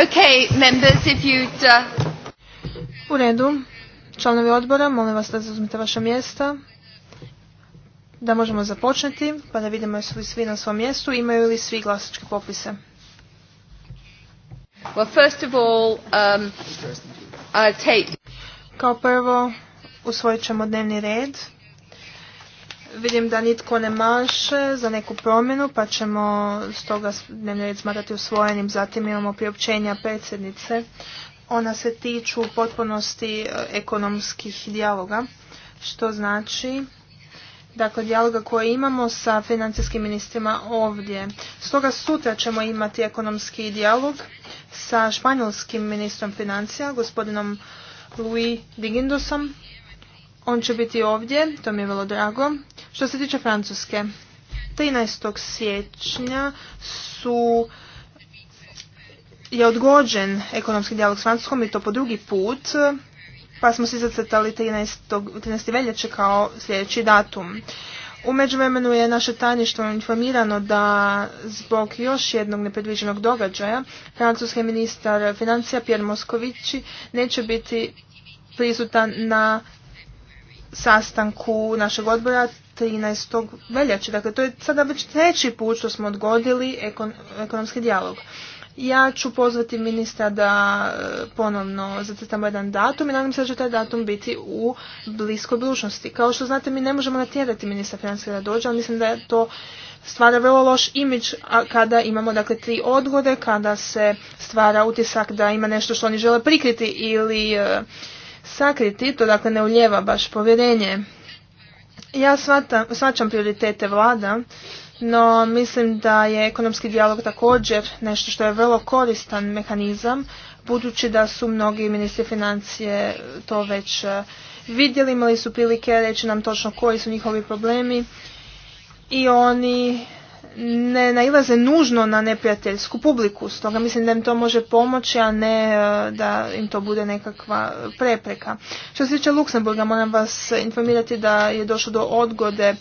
Okay, members, if you'd, uh, U redu. Članovi odbora, molim vas da zauzmete vaša mjesta. Da možemo započeti, pa da vidimo jesu li svi na svom mjestu, imaju li svi glasačke popise. Um, take... Kao prvo, usvojit ćemo dnevni red. Vidim da nitko ne maše za neku promjenu, pa ćemo stoga dnevni red smatrati usvojenim. Zatim imamo priopćenja predsjednice. Ona se tiču potpunosti e, ekonomskih dijaloga, što znači dakle dijaloga koje imamo sa financijskim ministrima ovdje. Stoga sutra ćemo imati ekonomski dijalog sa španjolskim ministrom financija, gospodinom Louis Digindosom on će biti ovdje, to mi je vrlo drago. Što se tiče Francuske, 13. siječnja su je odgođen ekonomski dijalog s Francuskom i to po drugi put, pa smo si zacrtali 13. 13. veljače kao sljedeći datum. U međuvremenu je naše tajništvo informirano da zbog još jednog nepredviđenog događaja francuski ministar financija Pierre Moskovići neće biti prisutan na sastanku našeg odbora 13. veljače. Dakle, to je sada već treći put što smo odgodili ekonomski dijalog. Ja ću pozvati ministra da e, ponovno zacrtamo jedan datum i nadam se da će taj datum biti u bliskoj budućnosti. Kao što znate, mi ne možemo natjerati ministra financija da dođe, ali mislim da je to stvara vrlo loš imidž kada imamo dakle tri odgode, kada se stvara utisak da ima nešto što oni žele prikriti ili e, sakriti, to dakle ne uljeva baš povjerenje. Ja shvatam, shvaćam prioritete vlada, no mislim da je ekonomski dijalog također nešto što je vrlo koristan mehanizam, budući da su mnogi ministri financije to već e, vidjeli, imali su prilike reći nam točno koji su njihovi problemi i oni ne nailaze nužno na neprijateljsku publiku, stoga mislim da im to može pomoći, a ne e, da im to bude nekakva prepreka. Što se tiče Luksemburga, moram vas informirati da je došlo do odgode e,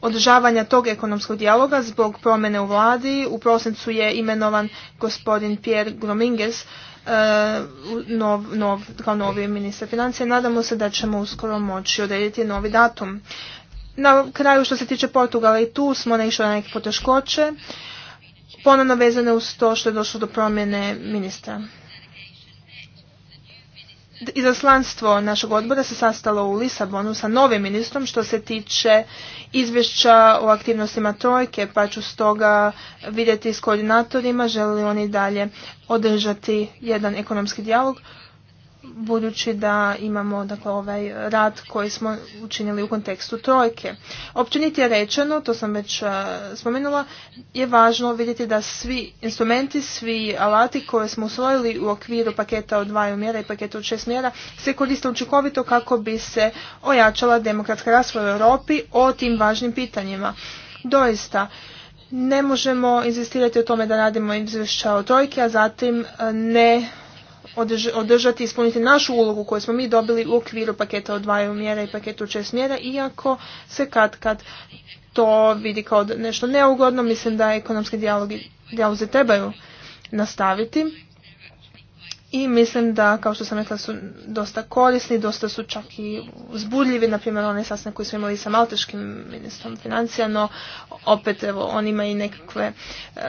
održavanja tog ekonomskog dijaloga zbog promjene u vladi. U prosincu je imenovan gospodin Pierre Grominges e, kao novi ministar financija. Nadamo se da ćemo uskoro moći odrediti novi datum. Na kraju što se tiče Portugala i tu smo išli na neke poteškoće, ponovno vezane uz to što je došlo do promjene ministra. Izaslanstvo našeg odbora se sastalo u Lisabonu sa novim ministrom što se tiče izvješća o aktivnostima trojke, pa ću stoga vidjeti s koordinatorima želi li oni dalje održati jedan ekonomski dijalog budući da imamo dakle, ovaj rad koji smo učinili u kontekstu trojke. Općenit je rečeno, to sam već e, spomenula, je važno vidjeti da svi instrumenti, svi alati koje smo usvojili u okviru paketa od dvaju mjera i paketa od šest mjera se koriste učinkovito kako bi se ojačala demokratska rasprava u Europi o tim važnim pitanjima. Doista, ne možemo inzistirati o tome da radimo izvješća o trojke, a zatim e, ne održati i ispuniti našu ulogu koju smo mi dobili u okviru paketa od dvaju mjera i paketu šest mjera, iako se kad kad to vidi kao nešto neugodno, mislim da ekonomski dijalozi trebaju nastaviti. I mislim da, kao što sam rekla, su dosta korisni, dosta su čak i uzbudljivi, na primjer onaj sasne koji smo imali sa malteškim ministrom financija, no opet evo, on ima i nekakve e,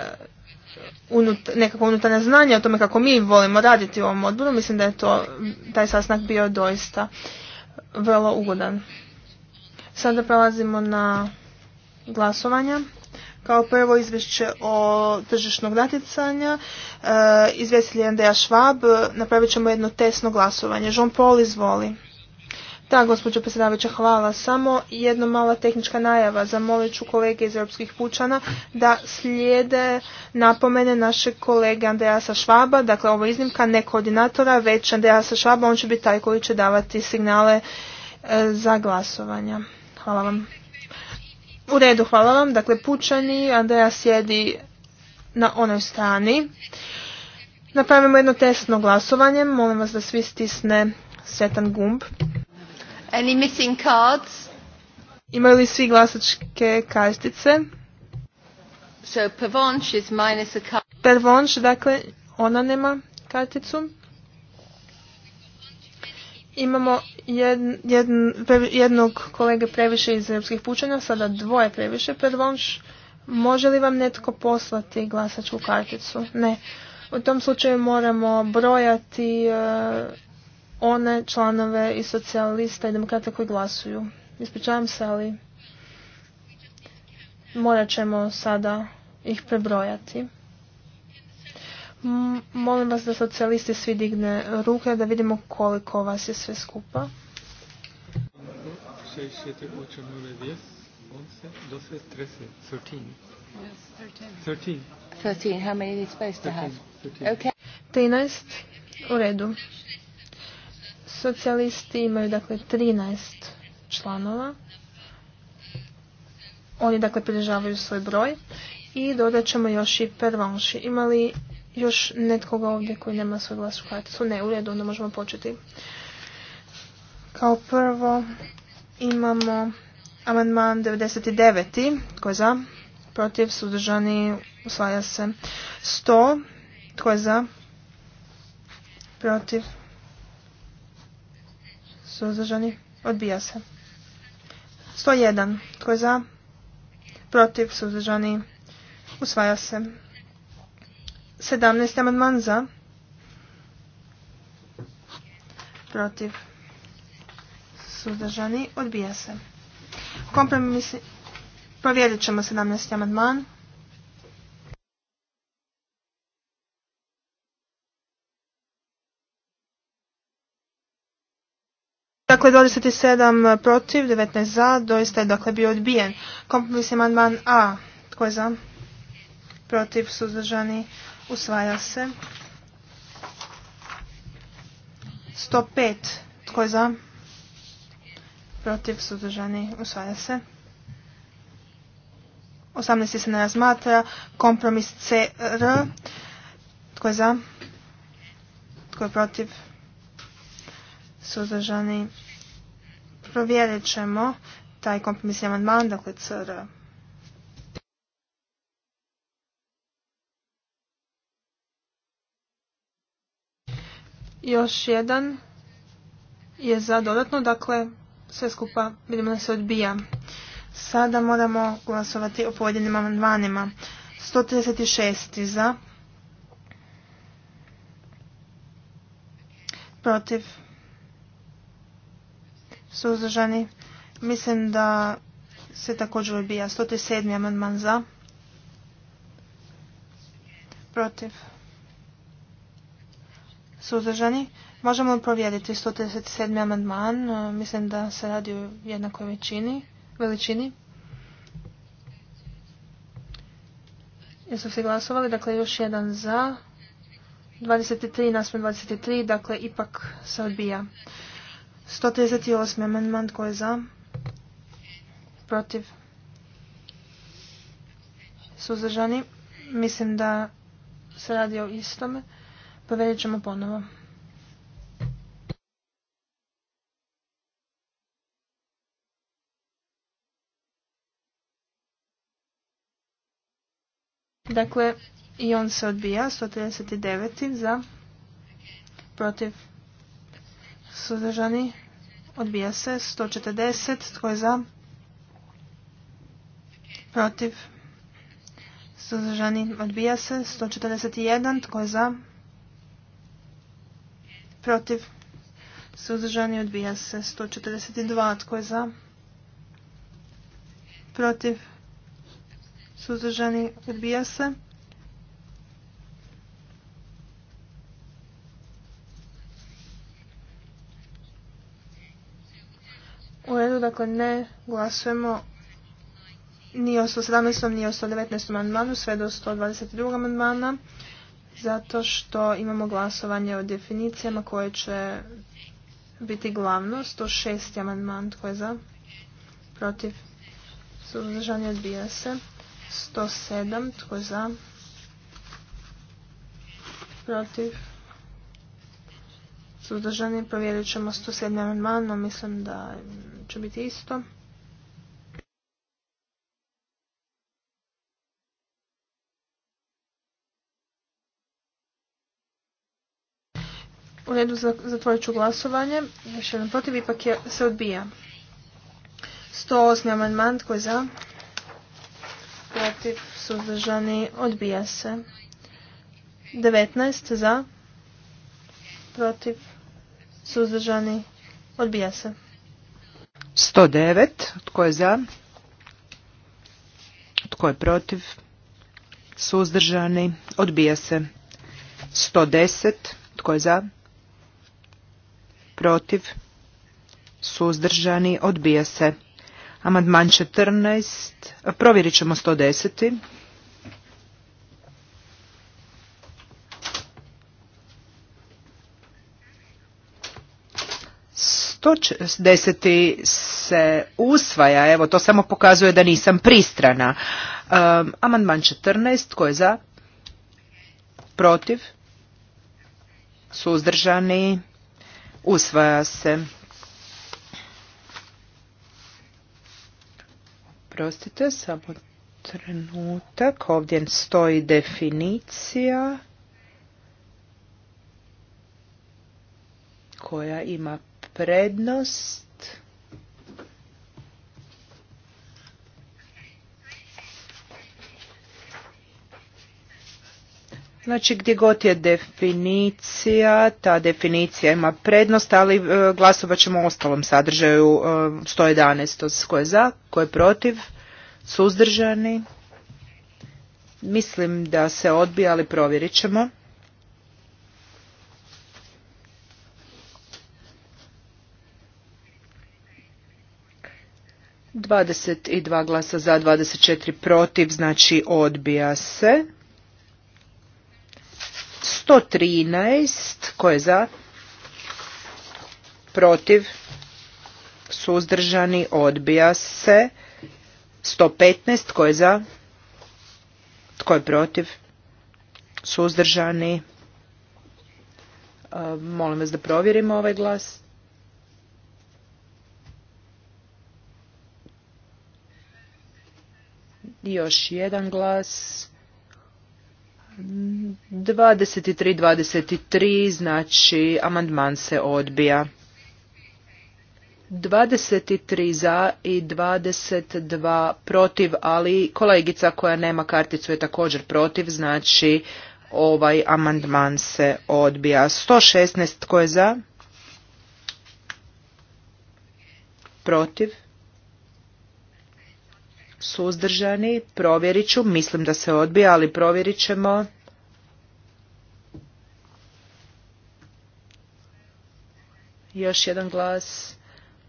unut, nekako unutarnje znanje o tome kako mi volimo raditi u ovom odboru, mislim da je to, taj sastanak bio doista vrlo ugodan. Sada prelazimo na glasovanja. Kao prvo izvješće o tržišnog natjecanja, e, izvjestitelj Andreja Švab, napravit ćemo jedno tesno glasovanje. Jean Paul izvoli. Da, gospođo predsjedavajuća, hvala. Samo jedna mala tehnička najava. Zamolit ću kolege iz Europskih pučana da slijede napomene našeg kolege Andreasa Švaba. Dakle, ovo je iznimka ne koordinatora, već Andreasa Švaba. On će biti taj koji će davati signale e, za glasovanja. Hvala vam. U redu, hvala vam. Dakle, pučani, Andreja sjedi na onoj strani. Napravimo jedno testno glasovanje. Molim vas da svi stisne setan gumb. Any missing cards? Imaju li svi glasačke kartice? So is minus a dakle, ona nema karticu. Imamo jednog kolege previše iz europskih pučanja, sada dvoje previše. Pervonš, može li vam netko poslati glasačku karticu? Ne. U tom slučaju moramo brojati eh, one članove i socijalista i demokrata koji glasuju. Ispričavam se, ali morat ćemo sada ih prebrojati. molim vas da socijalisti svi digne ruke da vidimo koliko vas je sve skupa. 6, 13, u redu. Socijalisti imaju dakle 13 članova. Oni dakle pridržavaju svoj broj i dodat ćemo još i pervanši. Ima li još netkoga ovdje koji nema svoj glas u karticu? Ne, u redu, onda možemo početi. Kao prvo imamo amandman 99. Tko je za? Protiv, Sudržani usvaja se. 100. Tko je za? Protiv, Suzdržani? Odbija se. 101. Tko je za? Protiv? Suzdržani? Usvaja se. 17. amandman za? Protiv? Suzdržani? Odbija se. Kompromis... Provjerit ćemo 17. amandman. Dakle, 27 protiv, 19 za, doista je dakle bio odbijen. Kompromis je amandman A. Tko je za? Protiv, suzdržani, usvaja se. 105. Tko je za? Protiv, suzdržani, usvaja se. 18. se ne razmatra. Kompromis CR. Tko je za? Tko je protiv? Suzdržani, Provjerit ćemo taj kompromisni amandman, dakle CR. Još jedan je za dodatno, dakle sve skupa vidimo da se odbija. Sada moramo glasovati o pojedinim amandmanima. 136. za. Protiv suzdržani. Mislim da se također odbija. 107. amandman za. Protiv. Suzdržani. Možemo provjeriti 137. amandman. Mislim da se radi o jednakoj većini, veličini. Jesu se glasovali? Dakle, još jedan za. 23 nasme 23, dakle, ipak se odbija. 138. amandman tko je za? Protiv? Suzdržani? Mislim da se radi o istome. Povedit ćemo ponovo. Dakle, i on se odbija. 139. za protiv Suzdržani? Odbija se. 140. Tko je za? Protiv? Suzdržani? Odbija se. 141. Tko je za? Protiv? Suzdržani? Odbija se. 142. Tko je za? Protiv? Suzdržani? Odbija se. dakle ne glasujemo ni o 117. ni o 119. amandmanu, sve do 122. amandmana, zato što imamo glasovanje o definicijama koje će biti glavno. 106. amandman, tko je za? Protiv? Suzdržanje odbija se. 107. Tko je za? Protiv? Suzdržani provjerit ćemo 107. amandman, no mislim da će biti isto. U redu zatvorit ću glasovanje. Još jedan protiv, ipak je, se odbija. 108. amandman, tko je za? Protiv, suzdržani, odbija se. 19. za? Protiv, suzdržani, odbija se. 109. Tko je za? Tko je protiv? Suzdržani. Odbija se. 110. Tko je za? Protiv? Suzdržani. Odbija se. Amadman 14. Provjerit ćemo 110. Deseti se usvaja, evo to samo pokazuje da nisam pristrana. Um, amandman 14, tko je za? Protiv? Suzdržani? Usvaja se. Prostite, samo trenutak. Ovdje stoji definicija koja ima prednost Znači gdje god je definicija, ta definicija ima prednost, ali e, glasovat ćemo o ostalom sadržaju 111. E, ko je za, ko je protiv, suzdržani. Mislim da se odbija, ali provjerit ćemo. 22 glasa za, 24 protiv, znači odbija se. 113, koje je za? Protiv, suzdržani, odbija se. 115, koje je za? Tko je protiv? Suzdržani. E, molim vas da provjerimo ovaj glas. još jedan glas. 23, 23, znači amandman se odbija. 23 za i 22 protiv, ali kolegica koja nema karticu je također protiv, znači ovaj amandman se odbija. 116 tko je za? Protiv? suzdržani, provjerit ću, mislim da se odbija, ali provjerit ćemo. Još jedan glas.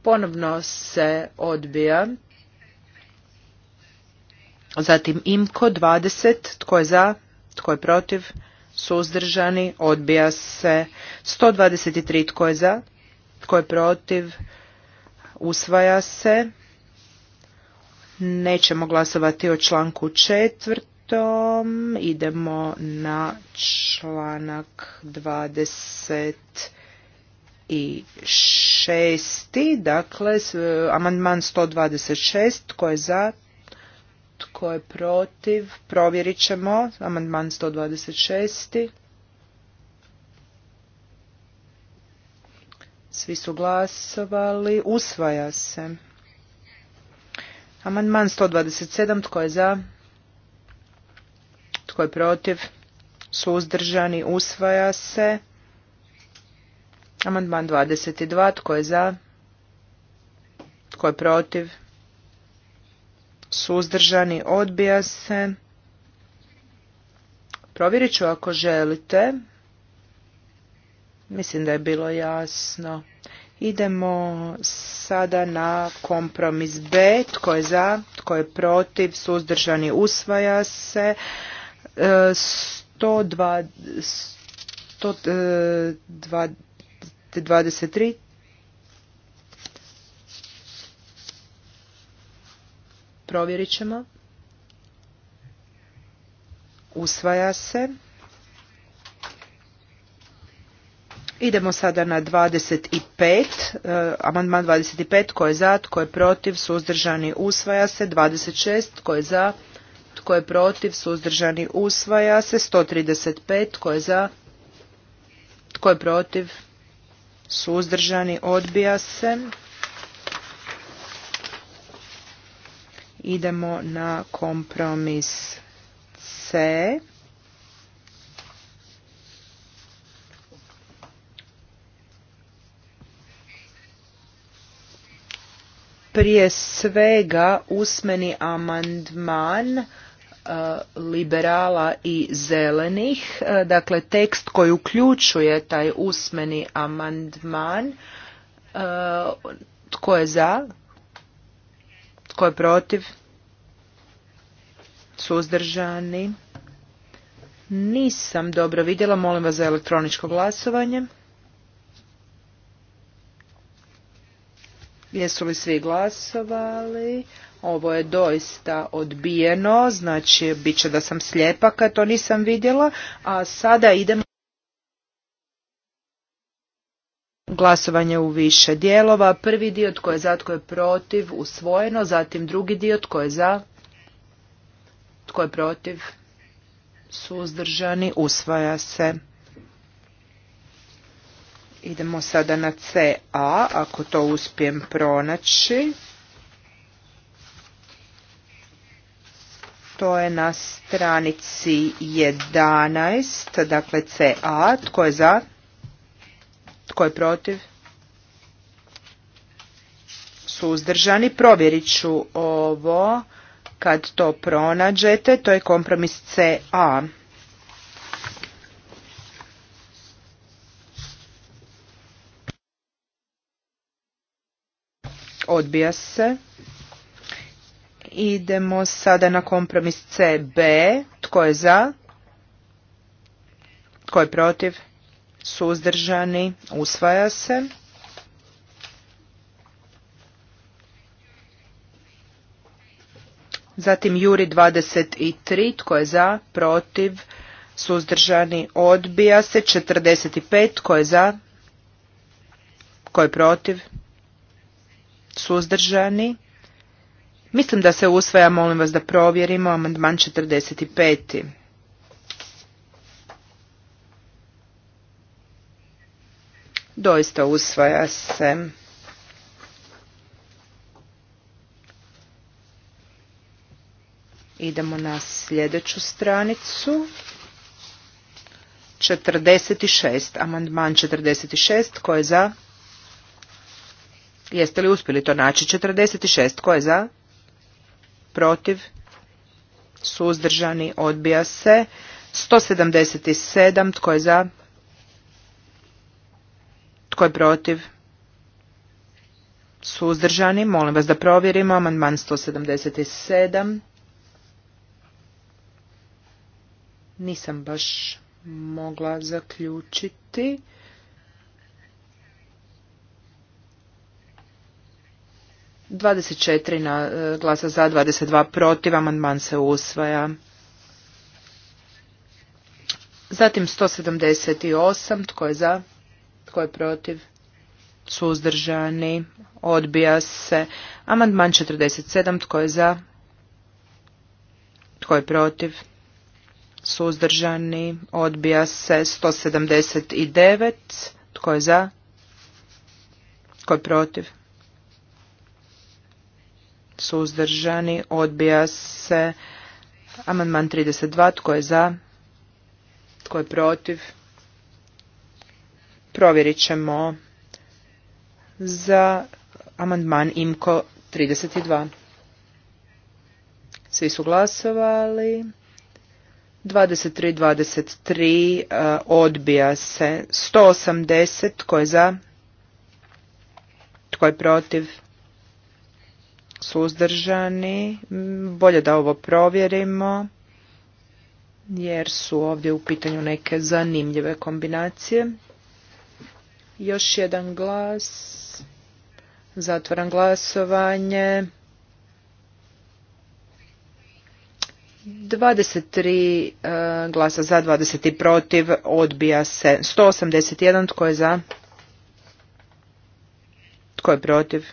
Ponovno se odbija. Zatim imko 20. Tko je za? Tko je protiv? Suzdržani. Odbija se. 123. Tko je za? Tko je protiv? Usvaja se. Nećemo glasovati o članku četvrtom. Idemo na članak dvadeset i dakle, amandman 126, tko je za, tko je protiv, provjerit ćemo, amandman 126. Svi su glasovali, usvaja se. Amandman 127. Tko je za? Tko je protiv? Suzdržani. Usvaja se. Amandman 22. Tko je za? Tko je protiv? Suzdržani. Odbija se. Provjerit ću ako želite. Mislim da je bilo jasno. Idemo sada na kompromis B. Tko je za, tko je protiv, suzdržani usvaja se. 123. E, e, Provjerit ćemo. Usvaja se. Idemo sada na 25, e, amandman 25, tko je za, tko je protiv, suzdržani, usvaja se, 26, tko je za, tko je protiv, suzdržani, usvaja se, 135, tko je za, tko je protiv, suzdržani, odbija se. Idemo na kompromis C. prije svega usmeni amandman e, liberala i zelenih, e, dakle tekst koji uključuje taj usmeni amandman. E, tko je za? Tko je protiv? Suzdržani? Nisam dobro vidjela, molim vas za elektroničko glasovanje. Jesu li svi glasovali? Ovo je doista odbijeno, znači bit će da sam slijepa kad to nisam vidjela, a sada idemo glasovanje u više dijelova. Prvi dio tko je za, tko je protiv, usvojeno, zatim drugi dio tko je za, tko je protiv, suzdržani, usvaja se. Idemo sada na CA, ako to uspijem pronaći. To je na stranici 11, dakle CA. Tko je za? Tko je protiv? Suzdržani. Provjerit ću ovo kad to pronađete. To je kompromis CA. odbija se. Idemo sada na kompromis CB. Tko je za? Tko je protiv? Suzdržani. Usvaja se. Zatim Juri 23. Tko je za? Protiv? Suzdržani. Odbija se. 45. Tko je za? Tko je protiv? Suzdržani? Mislim da se usvaja, molim vas da provjerimo, amandman 45. Doista usvaja se. Idemo na sljedeću stranicu. 46. Amandman 46. Ko je za? Jeste li uspjeli to naći? 46. Ko je za? Protiv? Suzdržani? Odbija se. 177. Tko je za? Tko je protiv? Suzdržani? Molim vas da provjerimo. Amandman 177. Nisam baš mogla zaključiti. 24 na, e, glasa za, 22 protiv, amandman se usvaja. Zatim 178, tko je za, tko je protiv, suzdržani, odbija se. Amandman 47, tko je za, tko je protiv, suzdržani, odbija se. 179, tko je za, tko je protiv, suzdržani, odbija se. Amandman 32, tko je za, tko je protiv? Provjerit ćemo za amandman IMKO 32. Svi su glasovali. 23-23 e, odbija se. 180, tko je za? Tko je protiv? suzdržani. Bolje da ovo provjerimo jer su ovdje u pitanju neke zanimljive kombinacije. Još jedan glas. Zatvoram glasovanje. 23 e, glasa za, 20 protiv, odbija se 181, tko je za? Tko je protiv?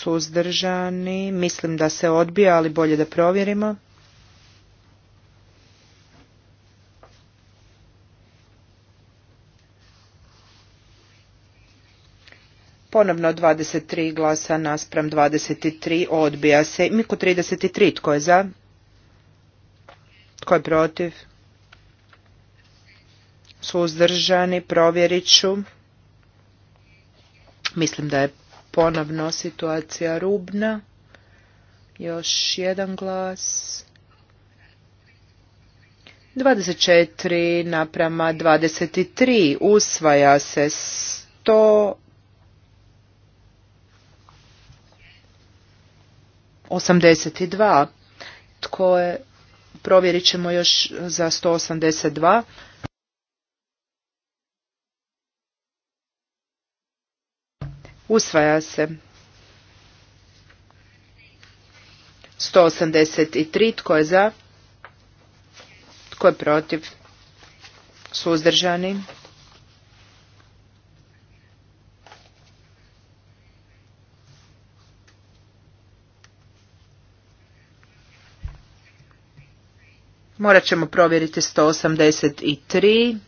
suzdržani. Mislim da se odbija, ali bolje da provjerimo. Ponovno 23 glasa naspram 23 odbija se. Miku 33, tko je za? Tko je protiv? Suzdržani, provjerit ću. Mislim da je ponovno situacija rubna. Još jedan glas. 24 naprama 23 usvaja se 100 82. Tko je, provjerit ćemo još za 182. Usvaja se. 183. Tko je za? Tko je protiv? Suzdržani? Morat ćemo provjeriti 183.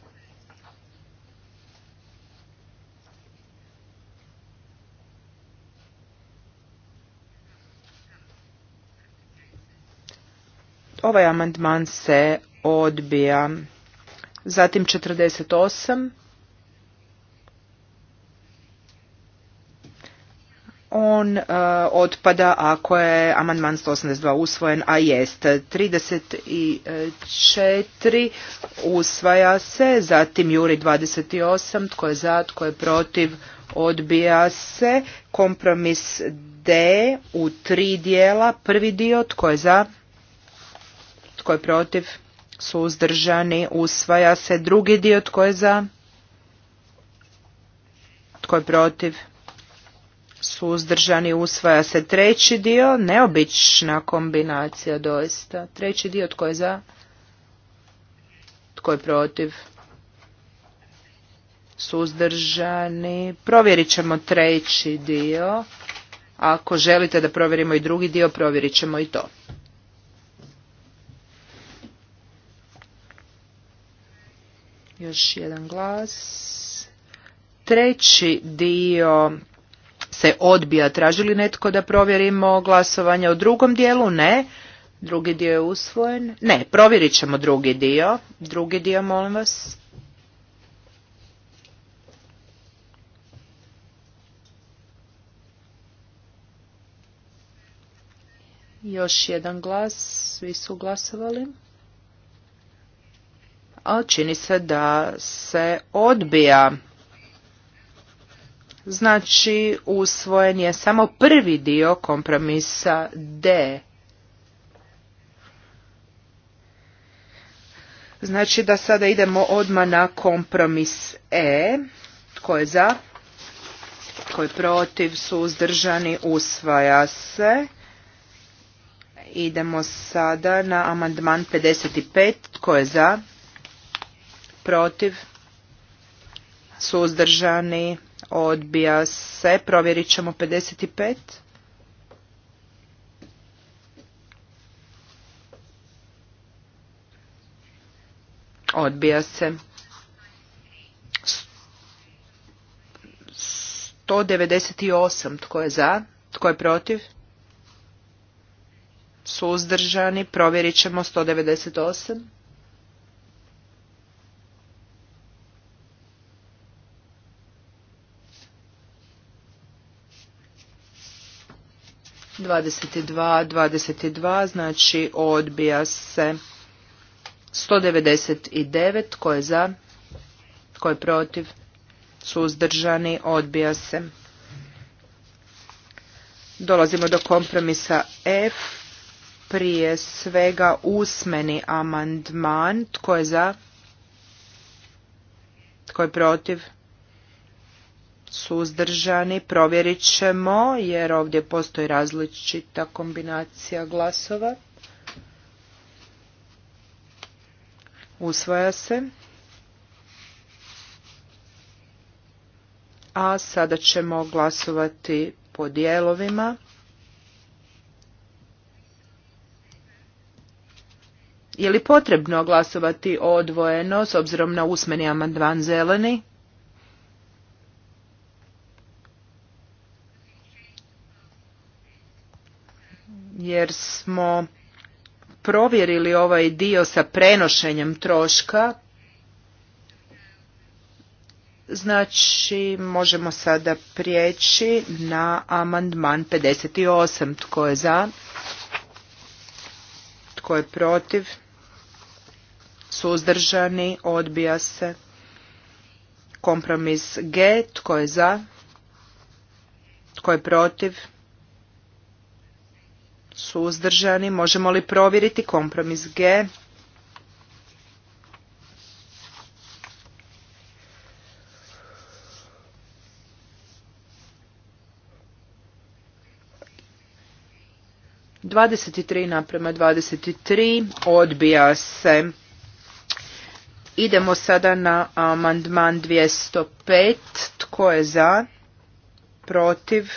Ovaj amandman se odbija. Zatim 48. On e, otpada ako je amandman 182 usvojen, a jest. 34 usvaja se, zatim Juri 28, tko je za, tko je protiv, odbija se. Kompromis D u tri dijela, prvi dio, tko je za, tko je protiv? Suzdržani. Usvaja se drugi dio. Tko je za? Tko je protiv? Suzdržani. Usvaja se treći dio. Neobična kombinacija doista. Treći dio. Tko je za? Tko je protiv? Suzdržani. Provjerit ćemo treći dio. Ako želite da provjerimo i drugi dio, provjerit ćemo i to. Još jedan glas. Treći dio se odbija. Traži li netko da provjerimo glasovanje u drugom dijelu? Ne. Drugi dio je usvojen. Ne, provjerit ćemo drugi dio. Drugi dio, molim vas. Još jedan glas. Svi su glasovali a čini se da se odbija. Znači, usvojen je samo prvi dio kompromisa D. Znači da sada idemo odmah na kompromis E. Tko je za? Tko je protiv? Suzdržani? Usvaja se. Idemo sada na amandman 55. Tko je za? protiv, suzdržani, odbija se. Provjerit ćemo 55. Odbija se. 198. Tko je za? Tko je protiv? Suzdržani. Provjerit ćemo 198. 22, 22, znači odbija se 199, tko je za, tko je protiv, suzdržani, odbija se. Dolazimo do kompromisa F, prije svega usmeni amandman, tko je za, tko je protiv, suzdržani, provjerit ćemo jer ovdje postoji različita kombinacija glasova. Usvaja se. A sada ćemo glasovati po dijelovima. Je li potrebno glasovati odvojeno s obzirom na usmeni amandman zeleni? jer smo provjerili ovaj dio sa prenošenjem troška. Znači, možemo sada prijeći na amandman 58. Tko je za? Tko je protiv? Suzdržani? Odbija se. Kompromis G. Tko je za? Tko je protiv? Suzdržani. Možemo li provjeriti kompromis G? Dvadeset tri naprema dvadeset tri odbija se. Idemo sada na amandman 205. Tko je za? Protiv?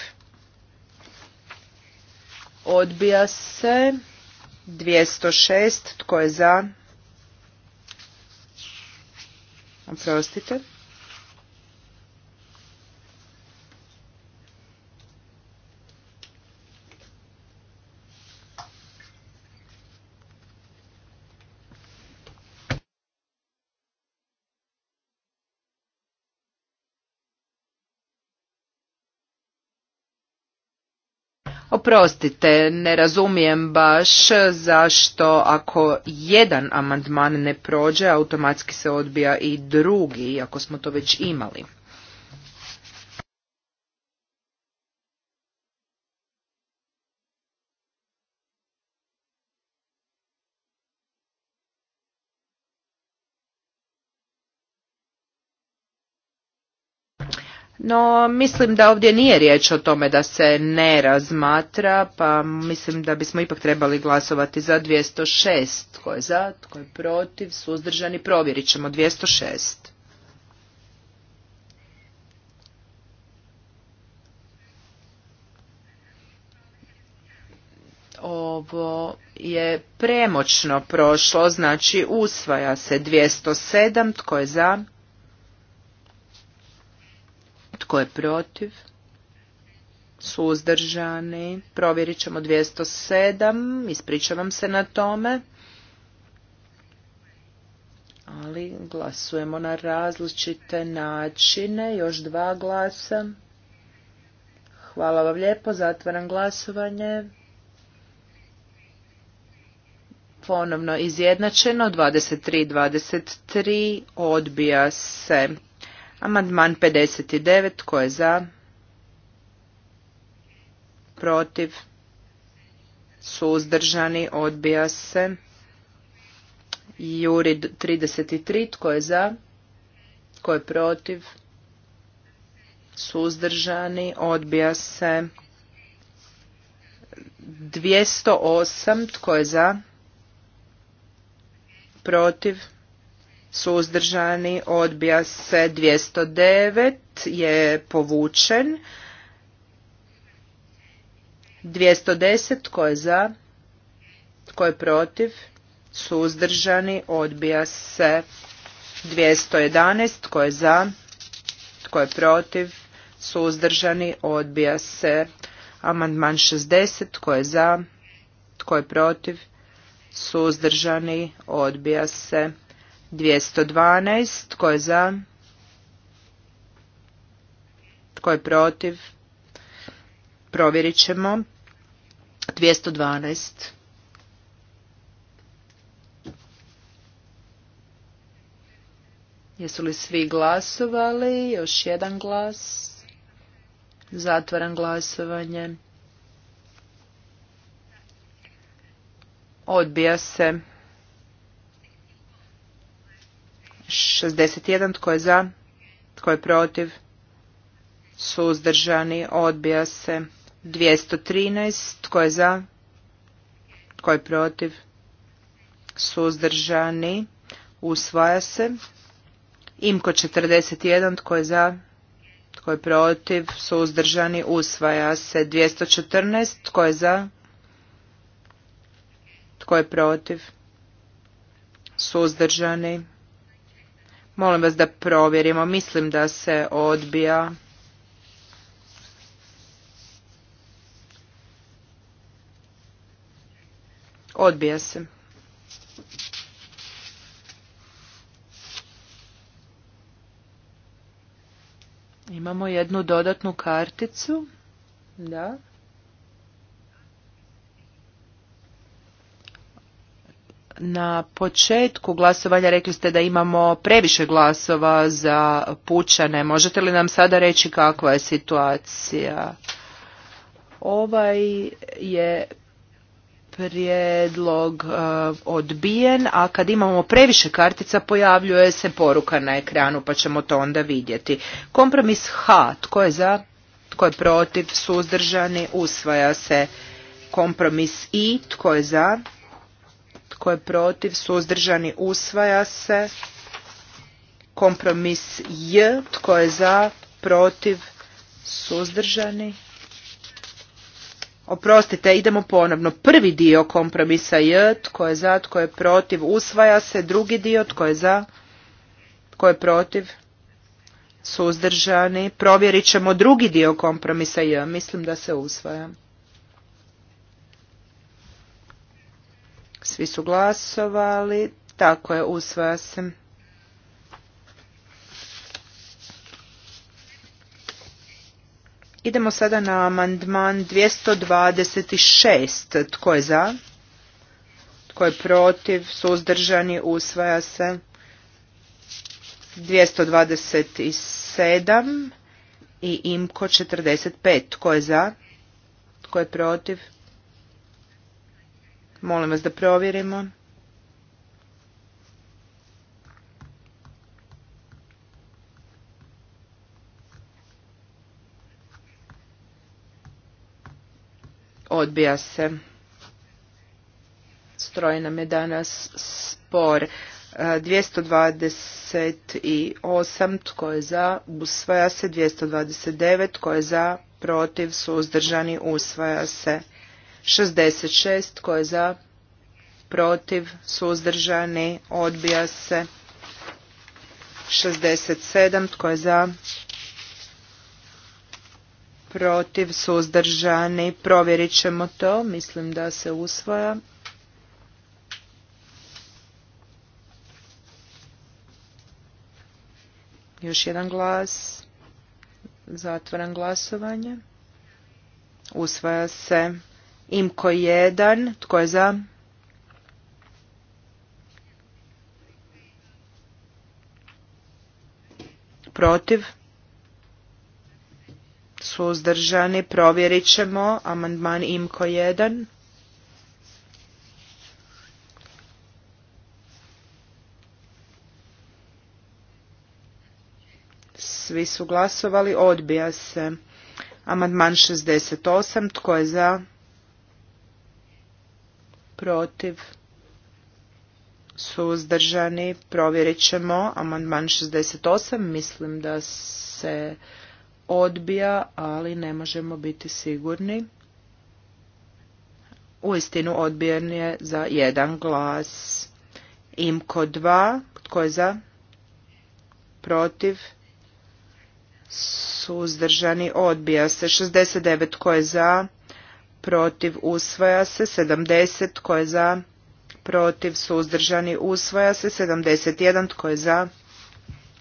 Odbija se. 206. Tko je za? Oprostite. Oprostite, ne razumijem baš zašto ako jedan amandman ne prođe, automatski se odbija i drugi, ako smo to već imali. No, mislim da ovdje nije riječ o tome da se ne razmatra, pa mislim da bismo ipak trebali glasovati za 206. Tko je za, tko je protiv, suzdržani, provjerit ćemo 206. Ovo je premoćno prošlo, znači usvaja se 207, tko je za, tko je protiv? Suzdržani. Provjerit ćemo 207. Ispričavam se na tome. Ali glasujemo na različite načine. Još dva glasa. Hvala vam lijepo. Zatvaram glasovanje. Ponovno izjednačeno. 23-23. Odbija se. Amandman 59. Tko je za? Protiv? Suzdržani? Odbija se. Juri 33. Tko je za? Tko je protiv? Suzdržani? Odbija se. 208. Tko je za? Protiv? suzdržani, odbija se 209 je povučen. 210 tko je za, tko je protiv, suzdržani, odbija se 211 tko je za, tko je protiv, suzdržani, odbija se amandman 60 tko je za, tko je protiv, suzdržani, odbija se 212. Tko je za? Tko je protiv? Provjerit ćemo. 212. Jesu li svi glasovali? Još jedan glas. Zatvaram glasovanje. Odbija se. 61. Tko je za? Tko je protiv? Suzdržani. Odbija se. 213. Tko je za? Tko je protiv? Suzdržani. Usvaja se. Imko 41. Tko je za? Tko je protiv? Suzdržani. Usvaja se. 214. Tko je za? Tko je protiv? Suzdržani. Molim vas da provjerimo. Mislim da se odbija. Odbija se. Imamo jednu dodatnu karticu. Da. Na početku glasovanja rekli ste da imamo previše glasova za pučane. Možete li nam sada reći kakva je situacija? Ovaj je prijedlog e, odbijen, a kad imamo previše kartica pojavljuje se poruka na ekranu pa ćemo to onda vidjeti. Kompromis H, tko je za, tko je protiv, suzdržani, usvaja se. Kompromis I, tko je za, tko je protiv? Suzdržani usvaja se. Kompromis J. Tko je za? Protiv? Suzdržani. Oprostite, idemo ponovno. Prvi dio kompromisa J. Tko je za? Tko je protiv? Usvaja se. Drugi dio. Tko je za? Tko je protiv? Suzdržani. Provjerit ćemo drugi dio kompromisa J. Mislim da se usvaja. Svi su glasovali. Tako je, usvaja se. Idemo sada na amandman 226. Tko je za? Tko je protiv? Suzdržani? Usvaja se. 227 i imko 45. Tko je za? Tko je protiv? Molim vas da provjerimo. Odbija se. Stroj nam je danas spor. 228 e, tko je za, usvaja se. 229 tko je za, protiv, suzdržani, usvaja se. 66 tko je za, protiv, suzdržani, odbija se. 67 tko je za, protiv, suzdržani, provjerit ćemo to, mislim da se usvoja. Još jedan glas. Zatvoran glasovanje. Usvaja se. Imko jedan. Tko je za? Protiv? Suzdržani? Provjerit ćemo. Amandman Imko jedan. Svi su glasovali. Odbija se. Amandman 68. Tko je za? protiv, suzdržani, provjerit ćemo amandman 68, mislim da se odbija, ali ne možemo biti sigurni. Uistinu odbijen je za jedan glas. Imko 2, tko je za? Protiv, suzdržani, odbija se. 69, tko je za? protiv, usvaja se. 70 tko je za, protiv, suzdržani, usvaja se. 71 tko je za,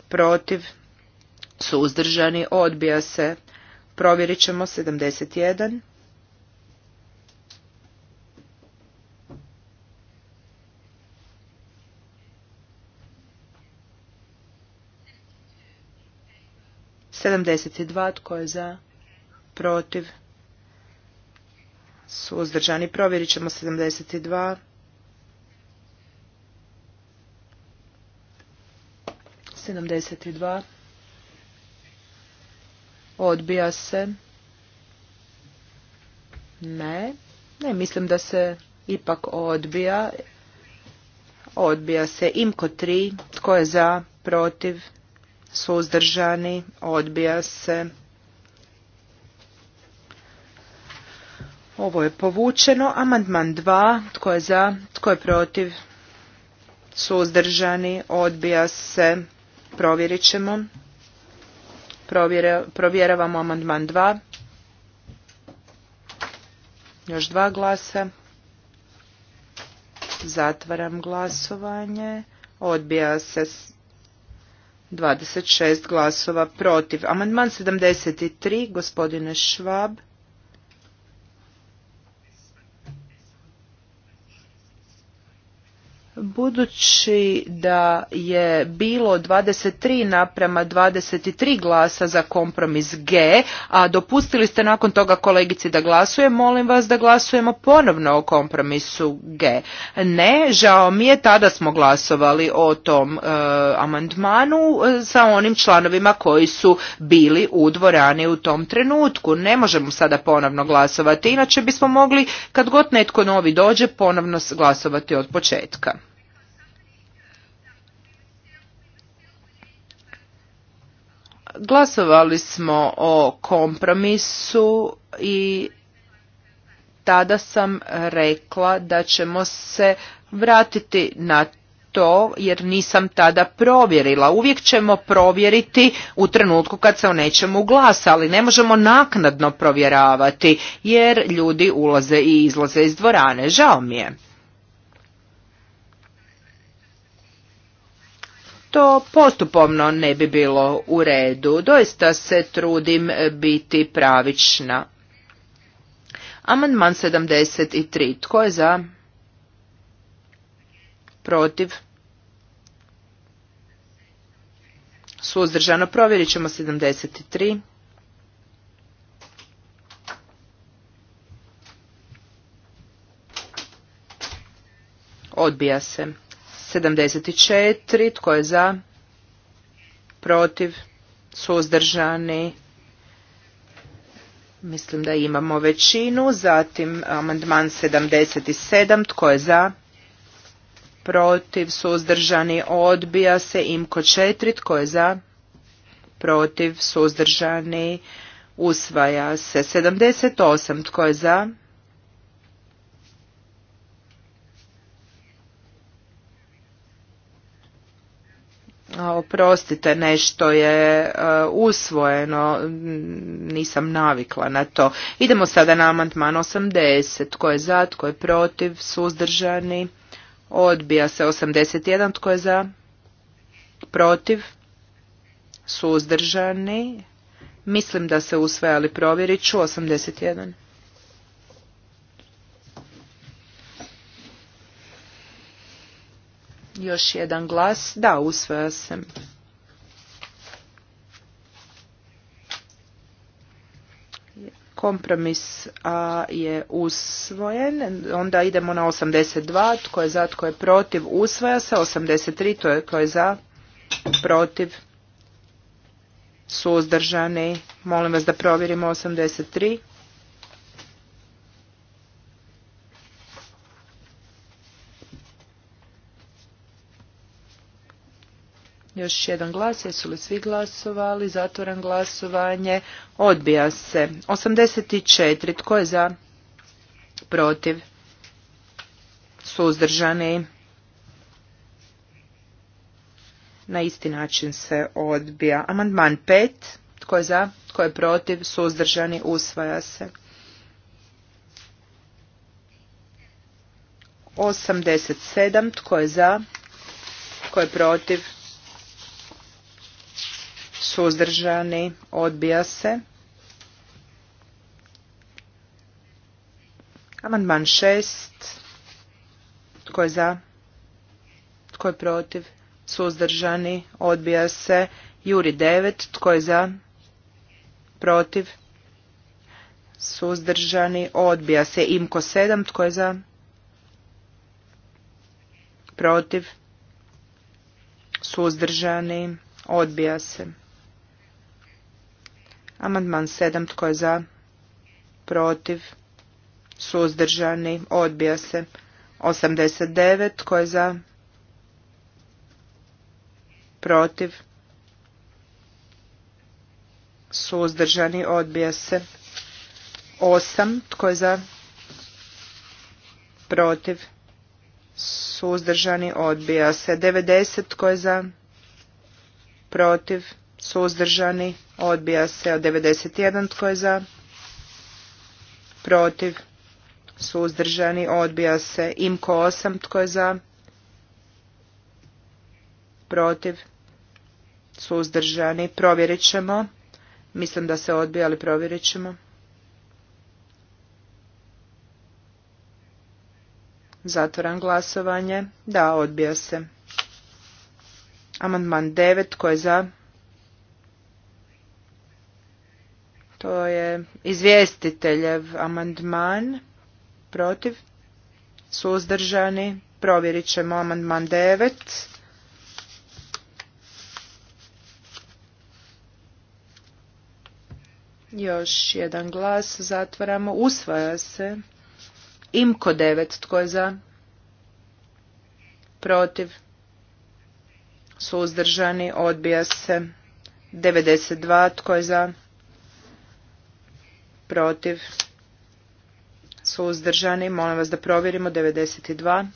protiv, suzdržani, odbija se. Provjerit ćemo 71. 72, dva tko je za protiv Suzdržani provjerit ćemo 72. 72. Odbija se. Ne. Ne, mislim da se ipak odbija. Odbija se. Imko 3. Tko je za? Protiv? Suzdržani? Odbija se. Ovo je povučeno. Amandman 2. Tko je za? Tko je protiv? Suzdržani. Odbija se. Provjerit ćemo. provjeravamo amandman 2. Još dva glasa. Zatvaram glasovanje. Odbija se 26 glasova protiv. Amandman 73. Gospodine Švab. Budući da je bilo 23 naprema 23 glasa za kompromis G, a dopustili ste nakon toga kolegici da glasuje, molim vas da glasujemo ponovno o kompromisu G. Ne, žao mi je, tada smo glasovali o tom e, amandmanu e, sa onim članovima koji su bili u dvorani u tom trenutku. Ne možemo sada ponovno glasovati, inače bismo mogli kad god netko novi dođe ponovno glasovati od početka. Glasovali smo o kompromisu i tada sam rekla da ćemo se vratiti na to jer nisam tada provjerila. Uvijek ćemo provjeriti u trenutku kad se o nečemu glasa, ali ne možemo naknadno provjeravati jer ljudi ulaze i izlaze iz dvorane. Žao mi je. To postupovno ne bi bilo u redu. Doista se trudim e, biti pravična. Amandman 73. Tko je za? Protiv? Suzdržano provjerit ćemo 73. Odbija se. 74. Tko je za? Protiv? Suzdržani? Mislim da imamo većinu. Zatim amandman 77. Tko je za? Protiv? Suzdržani? Odbija se. Imko 4. Tko je za? Protiv? Suzdržani? Usvaja se. 78. Tko je za? Oprostite, nešto je e, usvojeno, nisam navikla na to. Idemo sada na amantman 80. Tko je za, tko je protiv, suzdržani? Odbija se 81. Tko je za? Protiv? Suzdržani? Mislim da se usvojali ali provjerit ću 81. Još jedan glas. Da, usvaja se. Kompromis a, je usvojen. Onda idemo na 82. Tko je za, tko je protiv? Usvaja se. 83. to je, tko je za, protiv? Suzdržani. Molim vas da provjerimo 83. Još jedan glas, jesu li svi glasovali? Zatvoran glasovanje. Odbija se. 84. Tko je za? Protiv. Suzdržani. Na isti način se odbija. Amandman 5. Tko je za? Tko je protiv? Suzdržani. Usvaja se. 87. Tko je za? Tko je protiv? suzdržani, odbija se. Amandman šest. Tko je za? Tko je protiv? Suzdržani, odbija se. Juri devet, Tko je za? Protiv? Suzdržani, odbija se. Imko 7. Tko je za? Protiv? Suzdržani, odbija se. Amandman 7. Tko je za? Protiv? Suzdržani? Odbija se. 89. Tko je za? Protiv? Suzdržani? Odbija se. 8. Tko je za? Protiv? Suzdržani? Odbija se. 90. Tko je za? Protiv? suzdržani, odbija se od 91 tko je za, protiv, suzdržani, odbija se imko 8 tko je za, protiv, suzdržani, provjerit ćemo, mislim da se odbija, ali provjerit ćemo. Zatvoram glasovanje. Da, odbija se. Amandman 9. Ko je za? To je izvjestiteljev amandman protiv suzdržani. Provjerit ćemo amandman 9. Još jedan glas zatvaramo. Usvaja se. Imko 9. Tko je za? Protiv. Suzdržani. Odbija se. 92. Tko je za? protiv, suzdržani, molim vas da provjerimo, 92.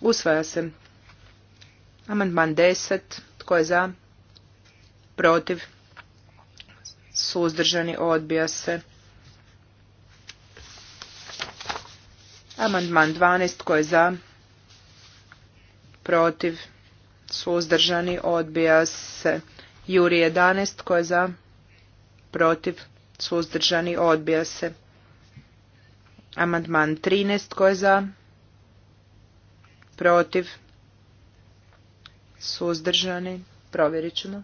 Usvaja se. Amandman 10. Tko je za? Protiv. Suzdržani odbija se. Amandman 12. Tko je za? Protiv suzdržani, odbija se. Juri 11, tko je za, protiv, suzdržani, odbija se. Amandman 13, tko je za, protiv, suzdržani, provjerit ćemo.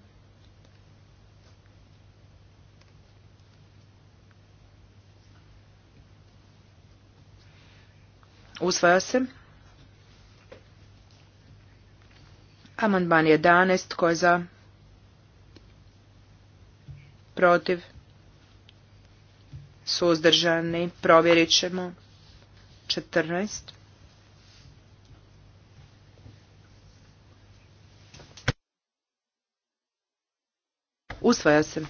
Usvaja se. Amandman 11. Tko je za? Protiv? Suzdržani? Provjerit ćemo. 14. Usvaja se.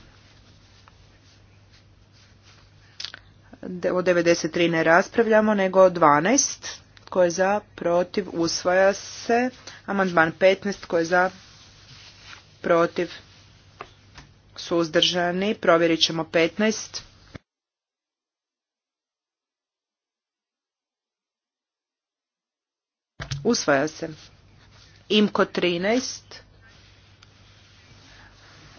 O 93 ne raspravljamo, nego 12. Tko je za? Protiv? Usvaja se. Amandman 15. Tko je za? Protiv? Suzdržani? Provjerit ćemo 15. Usvaja se. Imko 13.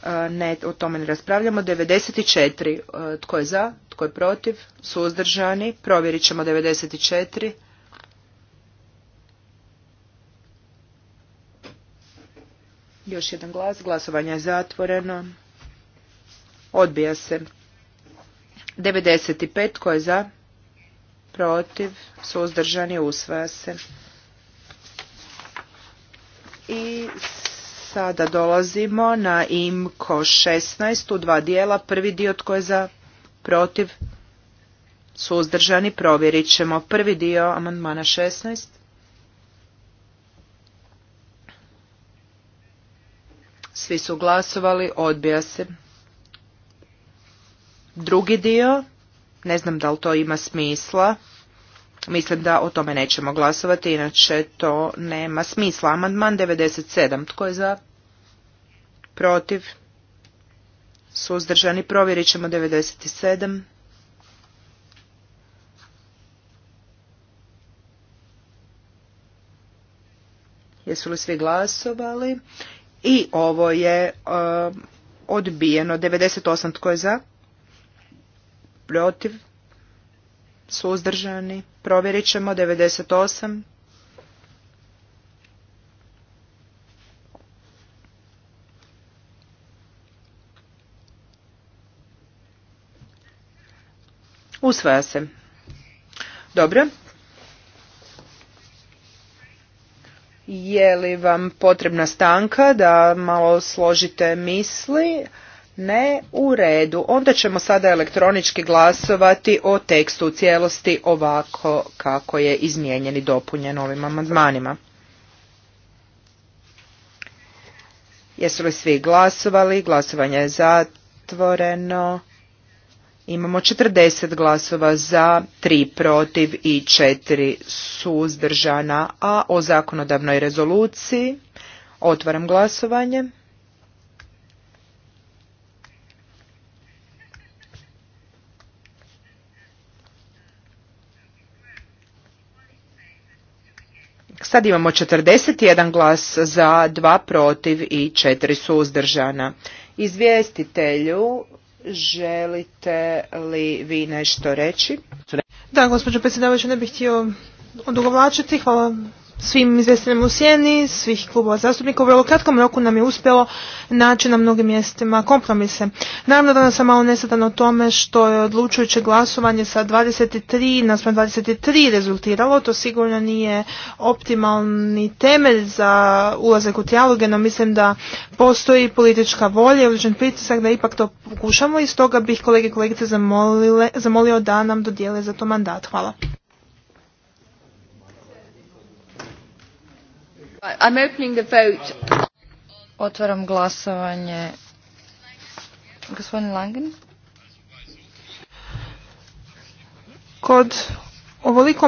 E, ne, o tome ne raspravljamo. 94. E, tko je za? Tko je protiv? Suzdržani? Provjerit ćemo 94. Još jedan glas. Glasovanje je zatvoreno. Odbija se. 95. Tko je za? Protiv. Suzdržani. Usvaja se. I sada dolazimo na IMKO 16 u dva dijela. Prvi dio tko je za? Protiv. Suzdržani. Provjerit ćemo prvi dio amandmana 16. Svi su glasovali, odbija se. Drugi dio, ne znam da li to ima smisla. Mislim da o tome nećemo glasovati, inače to nema smisla. Amandman 97. Tko je za? Protiv? Suzdržani provjerit ćemo 97. Jesu li svi glasovali? i ovo je e, odbijeno. 98 tko je za? Protiv? Suzdržani? Provjerit ćemo. 98. Usvaja se. Dobro. Je li vam potrebna stanka da malo složite misli? Ne, u redu. Onda ćemo sada elektronički glasovati o tekstu u cijelosti ovako kako je izmijenjen i dopunjen ovim amandmanima. Jesu li svi glasovali? Glasovanje je zatvoreno. Imamo 40 glasova za, 3 protiv i 4 suzdržana, a o zakonodavnoj rezoluciji otvaram glasovanje. Sad imamo 41 glas za, 2 protiv i 4 suzdržana. Izvjestitelju Želite li vi nešto reći? Da, gospođo predsjedavajuća, ne bih htio odugovlačiti. Hvala svim izvjestiteljima u sjeni, svih klubova zastupnika. U vrlo kratkom roku nam je uspjelo naći na mnogim mjestima kompromise. Naravno da sam malo nesadan o tome što je odlučujuće glasovanje sa 23 naspram 23 rezultiralo. To sigurno nije optimalni temelj za ulazak u dijaloge, no mislim da postoji politička volja i određen pritisak da ipak to pokušamo i stoga bih kolege i kolegice zamolio da nam dodijele za to mandat. Hvala. Otvaram glasovanje. Gospodin Langen. Kod ovoliko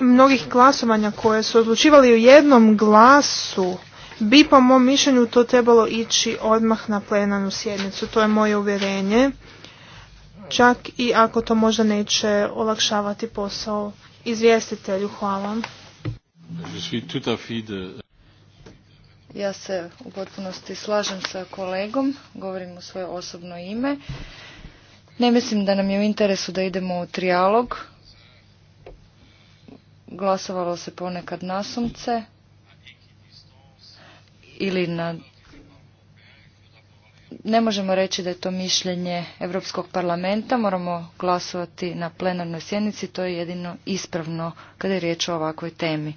mnogih glasovanja koje su odlučivali u jednom glasu, bi po mom mišljenju to trebalo ići odmah na plenarnu sjednicu. To je moje uvjerenje. Čak i ako to možda neće olakšavati posao izvjestitelju. Hvala. Ja se u potpunosti slažem sa kolegom, govorim u svoje osobno ime. Ne mislim da nam je u interesu da idemo u trijalog. Glasovalo se ponekad nasumce ili na ne možemo reći da je to mišljenje Europskog parlamenta, moramo glasovati na plenarnoj sjednici, to je jedino ispravno kada je riječ o ovakvoj temi.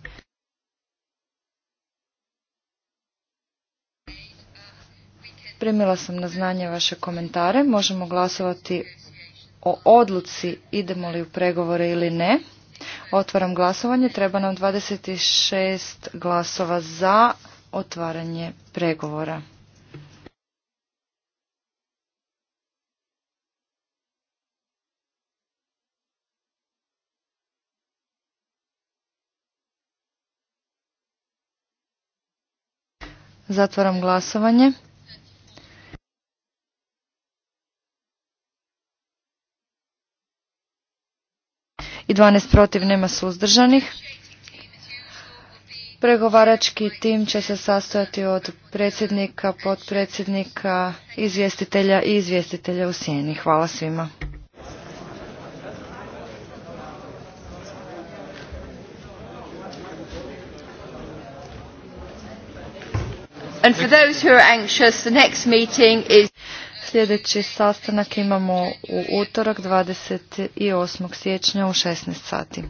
Primila sam na znanje vaše komentare. Možemo glasovati o odluci idemo li u pregovore ili ne. Otvaram glasovanje. Treba nam 26 glasova za otvaranje pregovora. Zatvaram glasovanje. 12 protiv, nema suzdržanih. Pregovarački tim će se sastojati od predsjednika, potpredsjednika, izvjestitelja i izvjestitelja u sjeni. Hvala svima. And for those who are anxious, the next meeting is... Sljedeći sastanak imamo u utorak 28. siječnja u 16 sati.